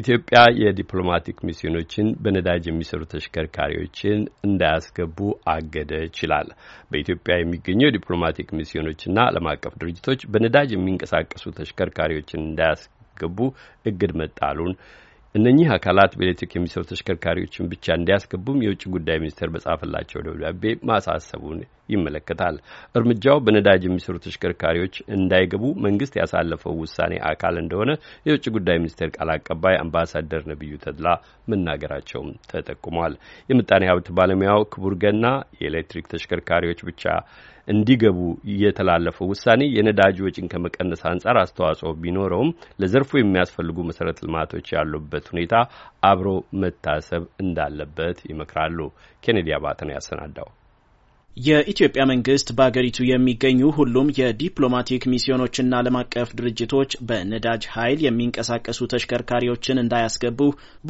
ኢትዮጵያ የዲፕሎማቲክ ሚስዮኖችን በነዳጅ የሚሰሩ ተሽከርካሪዎችን እንዳያስገቡ አገደ ችላል በኢትዮጵያ የሚገኙ የዲፕሎማቲክ ሚስዮኖችና ዓለም አቀፍ ድርጅቶች በነዳጅ የሚንቀሳቀሱ ተሽከርካሪዎችን እንዳያስገቡ እግድ መጣሉን እነኚህ አካላት በኤሌክትሪክ የሚሰሩ ተሽከርካሪዎችን ብቻ እንዲያስገቡም የውጭ ጉዳይ ሚኒስቴር በጻፈላቸው ደብዳቤ ማሳሰቡን ይመለከታል። እርምጃው በነዳጅ የሚሰሩ ተሽከርካሪዎች እንዳይገቡ መንግስት ያሳለፈው ውሳኔ አካል እንደሆነ የውጭ ጉዳይ ሚኒስቴር ቃል አቀባይ አምባሳደር ነቢዩ ተድላ መናገራቸውም ተጠቁሟል። የምጣኔ ሀብት ባለሙያው ክቡር ገና የኤሌክትሪክ ተሽከርካሪዎች ብቻ እንዲገቡ የተላለፈው ውሳኔ የነዳጅ ወጪን ከመቀነስ አንጻር አስተዋጽኦ ቢኖረውም ለዘርፉ የሚያስፈልጉ መሰረተ ልማቶች ያሉበት ሁኔታ አብሮ መታሰብ እንዳለበት ይመክራሉ። ኬኔዲ አባተ ነው ያሰናዳው። የኢትዮጵያ መንግስት በአገሪቱ የሚገኙ ሁሉም የዲፕሎማቲክ ሚስዮኖችና ዓለም አቀፍ ድርጅቶች በነዳጅ ኃይል የሚንቀሳቀሱ ተሽከርካሪዎችን እንዳያስገቡ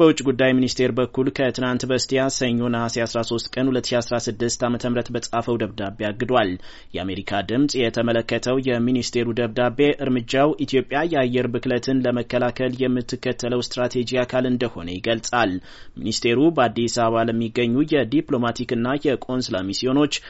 በውጭ ጉዳይ ሚኒስቴር በኩል ከትናንት በስቲያ ሰኞ ነሐሴ 13 ቀን 2016 ዓ ም በጻፈው ደብዳቤ አግዷል። የአሜሪካ ድምፅ የተመለከተው የሚኒስቴሩ ደብዳቤ እርምጃው ኢትዮጵያ የአየር ብክለትን ለመከላከል የምትከተለው ስትራቴጂ አካል እንደሆነ ይገልጻል። ሚኒስቴሩ በአዲስ አበባ ለሚገኙ የዲፕሎማቲክና የቆንስላ ሚስዮኖች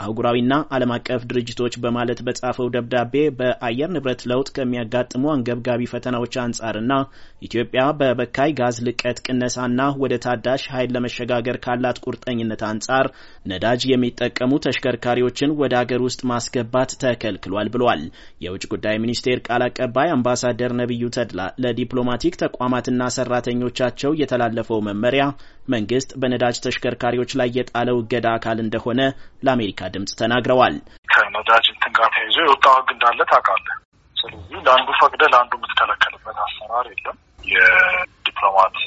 አህጉራዊና ዓለም አቀፍ ድርጅቶች በማለት በጻፈው ደብዳቤ በአየር ንብረት ለውጥ ከሚያጋጥሙ አንገብጋቢ ፈተናዎች አንጻርና ኢትዮጵያ በበካይ ጋዝ ልቀት ቅነሳና ወደ ታዳሽ ኃይል ለመሸጋገር ካላት ቁርጠኝነት አንጻር ነዳጅ የሚጠቀሙ ተሽከርካሪዎችን ወደ አገር ውስጥ ማስገባት ተከልክሏል ብሏል። የውጭ ጉዳይ ሚኒስቴር ቃል አቀባይ አምባሳደር ነቢዩ ተድላ ለዲፕሎማቲክ ተቋማትና ሰራተኞቻቸው የተላለፈው መመሪያ መንግስት በነዳጅ ተሽከርካሪዎች ላይ የጣለው እገዳ አካል እንደሆነ ለአሜሪካ ለአሜሪካ ድምጽ ተናግረዋል። ከነዳጅ እንትን ጋር ተይዞ የወጣ ህግ እንዳለ ታውቃለህ። ስለዚህ ለአንዱ ፈቅደ ለአንዱ የምትከለከልበት አሰራር የለም። የዲፕሎማት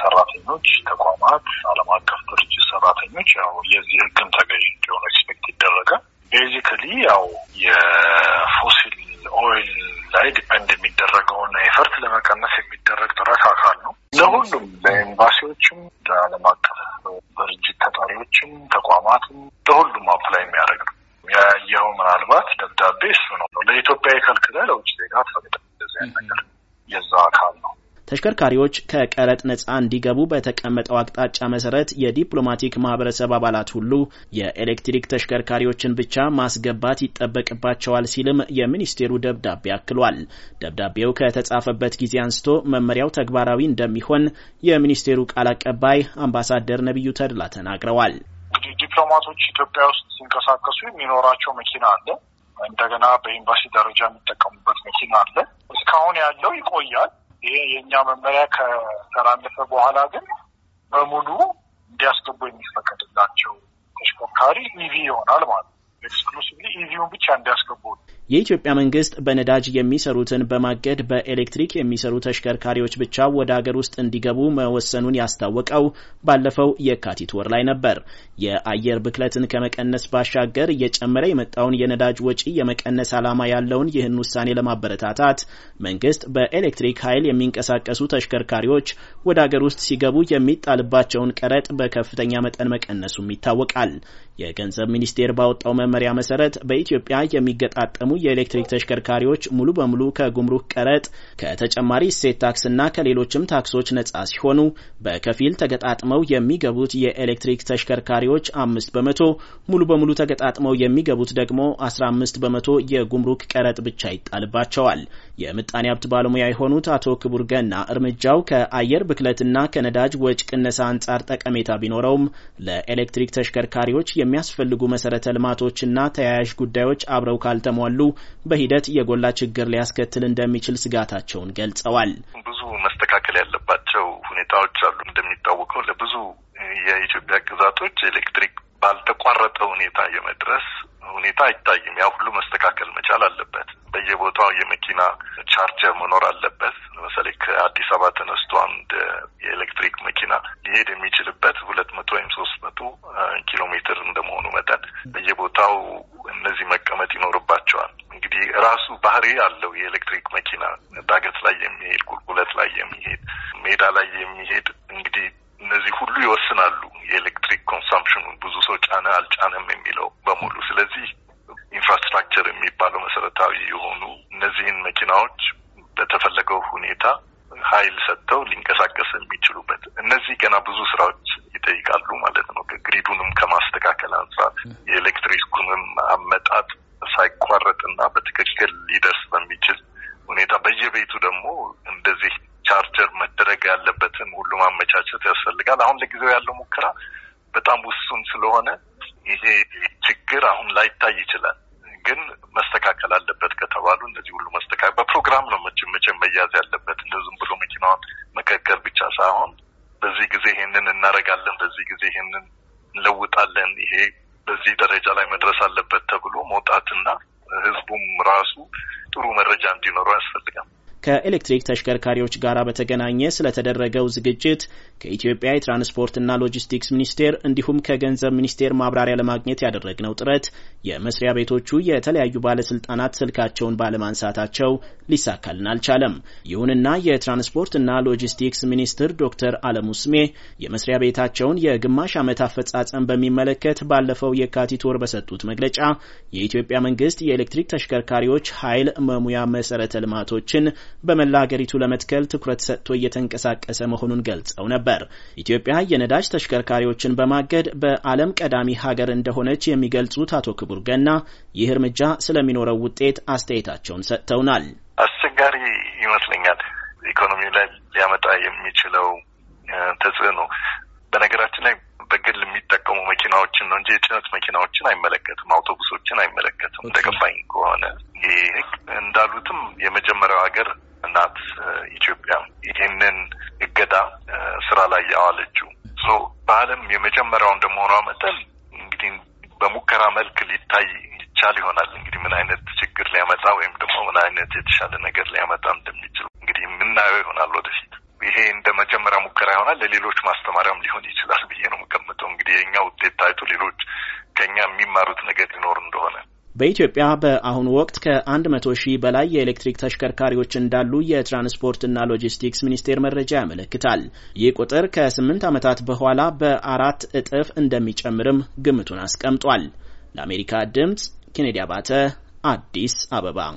ሰራተኞች፣ ተቋማት፣ ዓለም አቀፍ ድርጅት ሰራተኞች ያው የዚህ ህግም ተገዥ እንዲሆኑ ኤክስፔክት ይደረጋል። ቤዚካሊ ያው ድርጅቶችም ተቋማትም ለሁሉም አፕላይ የሚያደርግ ነው። ያየኸው ምናልባት ደብዳቤ እሱ ነው። ለኢትዮጵያ የከልክለ ለውጭ ዜጋ ፈቅደ እንደዚህ ነገር ተሽከርካሪዎች ከቀረጥ ነፃ እንዲገቡ በተቀመጠው አቅጣጫ መሰረት የዲፕሎማቲክ ማህበረሰብ አባላት ሁሉ የኤሌክትሪክ ተሽከርካሪዎችን ብቻ ማስገባት ይጠበቅባቸዋል ሲልም የሚኒስቴሩ ደብዳቤ አክሏል። ደብዳቤው ከተጻፈበት ጊዜ አንስቶ መመሪያው ተግባራዊ እንደሚሆን የሚኒስቴሩ ቃል አቀባይ አምባሳደር ነቢዩ ተድላ ተናግረዋል። እንግዲህ ዲፕሎማቶች ኢትዮጵያ ውስጥ ሲንቀሳቀሱ የሚኖራቸው መኪና አለ። እንደገና በኤምባሲ ደረጃ የሚጠቀሙበት መኪና አለ። እስካሁን ያለው ይቆያል። ይሄ የእኛ መመሪያ ከተላለፈ በኋላ ግን በሙሉ እንዲያስገቡ የሚፈቀድላቸው ተሽከርካሪ ኢቪ ይሆናል ማለት ነው። ኤክስክሉሲቭሊ ኢቪውን ብቻ እንዲያስገቡ የኢትዮጵያ መንግስት በነዳጅ የሚሰሩትን በማገድ በኤሌክትሪክ የሚሰሩ ተሽከርካሪዎች ብቻ ወደ አገር ውስጥ እንዲገቡ መወሰኑን ያስታወቀው ባለፈው የካቲት ወር ላይ ነበር። የአየር ብክለትን ከመቀነስ ባሻገር እየጨመረ የመጣውን የነዳጅ ወጪ የመቀነስ ዓላማ ያለውን ይህን ውሳኔ ለማበረታታት መንግስት በኤሌክትሪክ ኃይል የሚንቀሳቀሱ ተሽከርካሪዎች ወደ አገር ውስጥ ሲገቡ የሚጣልባቸውን ቀረጥ በከፍተኛ መጠን መቀነሱም ይታወቃል። የገንዘብ ሚኒስቴር ባወጣው መመሪያ መሰረት በኢትዮጵያ የሚገጣጠሙ የኤሌክትሪክ ተሽከርካሪዎች ሙሉ በሙሉ ከጉምሩክ ቀረጥ፣ ከተጨማሪ እሴት ታክስና ከሌሎችም ታክሶች ነጻ ሲሆኑ በከፊል ተገጣጥመው የሚገቡት የኤሌክትሪክ ተሽከርካሪዎች አምስት በመቶ ሙሉ በሙሉ ተገጣጥመው የሚገቡት ደግሞ 15 በመቶ የጉምሩክ ቀረጥ ብቻ ይጣልባቸዋል። የምጣኔ ሀብት ባለሙያ የሆኑት አቶ ክቡር ገና እርምጃው ከአየር ብክለትና ከነዳጅ ወጭ ቅነሳ አንጻር ጠቀሜታ ቢኖረውም ለኤሌክትሪክ ተሽከርካሪዎች የሚያስፈልጉ መሰረተ ልማቶችና ተያያዥ ጉዳዮች አብረው ካልተሟሉ በሂደት የጎላ ችግር ሊያስከትል እንደሚችል ስጋታቸውን ገልጸዋል። ብዙ መስተካከል ያለባቸው ሁኔታዎች አሉ። እንደሚታወቀው ለብዙ የኢትዮጵያ ግዛቶች ኤሌክትሪክ ባልተቋረጠ ሁኔታ የመድረስ ሁኔታ አይታይም። ያ ሁሉ መስተካከል መቻል አለበት። በየቦታው የመኪና ቻርጀር መኖር አለበት። ለምሳሌ ከአዲስ አበባ ተነስቶ አንድ የኤሌክትሪክ መኪና ሊሄድ የሚችልበት ሁለት መቶ ወይም ሶስት መቶ ኪሎ ሜትር እንደመሆኑ መጠን በየቦታው እነዚህ መቀመጥ ባህሪ አለው። የኤሌክትሪክ መኪና ዳገት ላይ የሚሄድ ቁልቁለት ላይ የሚሄድ ሜዳ ላይ የሚሄድ እንግዲህ እነዚህ ሁሉ ይወስናሉ። የኤሌክትሪክ ኮንሳምፕሽኑን ብዙ ሰው ጫነ አልጫነም የሚለው በሙሉ ስለዚህ ኢንፍራስትራክቸር የሚባለው መሰረታዊ የሆኑ እነዚህን መኪናዎች በተፈለገው ሁኔታ ኃይል ሰጥተው ሊንቀሳቀስ የሚችሉበት እነዚህ ገና ብዙ ስራዎች ይጠይቃሉ ማለት ነው። ግሪዱንም ከማስተካከል አንጻር የኤሌክትሪኩንም አመጣጥ ሳይቋረጥና በትክክል ሊደርስ በሚችል ሁኔታ በየቤቱ ደግሞ እንደዚህ ቻርጀር መደረግ ያለበትን ሁሉ ማመቻቸት ያስፈልጋል። አሁን ለጊዜው ያለው ሙከራ በጣም ውሱን ስለሆነ ይሄ ችግር አሁን ላይታይ ይችላል። ግን መስተካከል አለበት ከተባሉ እነዚህ ሁሉ መስተካ በፕሮግራም ነው መቼም መቼም መያዝ ያለበት እንደ ዝም ብሎ መኪናዋን መከከል ብቻ ሳይሆን በዚህ ጊዜ ይሄንን እናደርጋለን፣ በዚህ ጊዜ ይሄንን እንለውጣለን፣ ይሄ በዚህ ደረጃ ላይ መድረስ አለበት ተብሎ መውጣትና ህዝቡም ራሱ ጥሩ መረጃ እንዲኖረው ያስፈልጋል። ከኤሌክትሪክ ተሽከርካሪዎች ጋር በተገናኘ ስለተደረገው ዝግጅት ከኢትዮጵያ የትራንስፖርትና ሎጂስቲክስ ሚኒስቴር እንዲሁም ከገንዘብ ሚኒስቴር ማብራሪያ ለማግኘት ያደረግነው ጥረት የመስሪያ ቤቶቹ የተለያዩ ባለስልጣናት ስልካቸውን ባለማንሳታቸው ሊሳካልን አልቻለም። ይሁንና የትራንስፖርትና ሎጂስቲክስ ሚኒስትር ዶክተር አለሙ ስሜ የመስሪያ ቤታቸውን የግማሽ ዓመት አፈጻጸም በሚመለከት ባለፈው የካቲት ወር በሰጡት መግለጫ የኢትዮጵያ መንግስት የኤሌክትሪክ ተሽከርካሪዎች ኃይል መሙያ መሰረተ ልማቶችን በመላ ሀገሪቱ ለመትከል ትኩረት ሰጥቶ እየተንቀሳቀሰ መሆኑን ገልጸው ነበር። ኢትዮጵያ የነዳጅ ተሽከርካሪዎችን በማገድ በዓለም ቀዳሚ ሀገር እንደሆነች የሚገልጹት አቶ ክቡር ገና ይህ እርምጃ ስለሚኖረው ውጤት አስተያየታቸውን ሰጥተውናል። አስቸጋሪ ይመስለኛል ኢኮኖሚ ላይ ሊያመጣ የሚችለው ተጽዕኖ በነገራችን ላይ በግል የሚጠቀሙ መኪናዎችን ነው እንጂ የጭነት መኪናዎችን አይመለከትም፣ አውቶቡሶችን አይመለከትም። እንደገባኝ ከሆነ ይህ እንዳሉትም የመጀመሪያው ሀገር እናት ኢትዮጵያ ይህንን እገዳ ስራ ላይ ያዋለችው በዓለም የመጀመሪያው እንደመሆኗ መጠን እንግዲህ በሙከራ መልክ ሊታይ ይቻል ይሆናል። እንግዲህ ምን አይነት ችግር ሊያመጣ ወይም ደግሞ ምን አይነት የተሻለ ነገር ሊያመጣ እንደሚችል እንግዲህ የምናየው ይሆናል ወደፊት። ይሄ እንደ መጀመሪያ ሙከራ ይሆናል፣ ለሌሎች ማስተማሪያም ሊሆን ይችላል ብዬ ነው የምገምተው። እንግዲህ የኛ ውጤት ታይቶ ሌሎች ከኛ የሚማሩት ነገር ሊኖር እንደሆነ በኢትዮጵያ በአሁኑ ወቅት ከ100 ሺህ በላይ የኤሌክትሪክ ተሽከርካሪዎች እንዳሉ የትራንስፖርትና ሎጂስቲክስ ሚኒስቴር መረጃ ያመለክታል። ይህ ቁጥር ከስምንት ዓመታት በኋላ በአራት እጥፍ እንደሚጨምርም ግምቱን አስቀምጧል። ለአሜሪካ ድምፅ ኬኔዲ አባተ አዲስ አበባ